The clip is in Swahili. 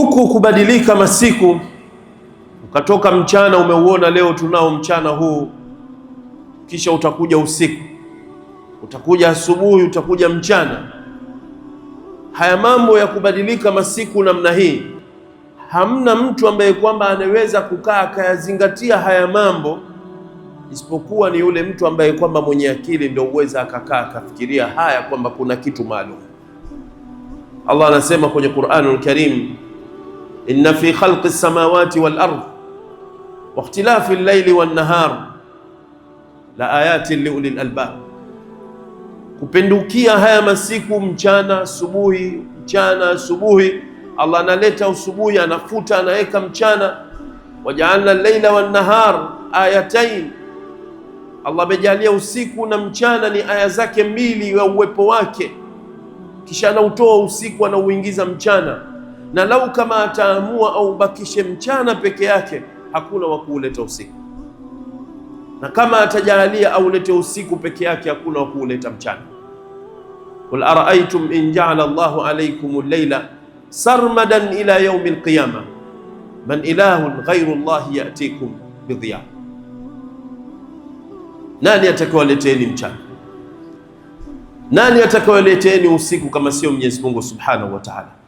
huku kubadilika masiku, ukatoka mchana umeuona leo tunao mchana huu, kisha utakuja usiku, utakuja asubuhi, utakuja mchana. Haya mambo ya kubadilika masiku namna hii, hamna mtu ambaye kwamba anaweza kukaa akayazingatia haya mambo isipokuwa ni yule mtu ambaye kwamba mwenye akili ndio uweza akakaa akafikiria haya kwamba kuna kitu maalum. Allah anasema kwenye Qur'anul Karim inna fi khalqi samawati wal ard wa ikhtilafi al-layli wan nahar la ayatin li ulil albab, kupendukia haya masiku mchana subuhi, mchana asubuhi Allah analeta usubuhi, anafuta anaweka mchana. Wajaalna llaila wan nahar ayatain, Allah amejalia usiku na mchana ni aya zake mbili ya uwepo wake, kisha anautoa usiku anauingiza mchana na lau kama ataamua au bakishe mchana peke yake, hakuna wa kuuleta usiku, na kama atajalia aulete usiku peke yake, hakuna wa kuuleta mchana. Qul araaitum in jaala Allahu alaykum al-layla sarmadan ila al alqiyama man ilahun ghairu llahi yatikum bidhiya, nani atakaoleteeni mchana? Nani atakaoleteeni usiku kama sio Mwenyezi Mungu subhanahu wa ta'ala?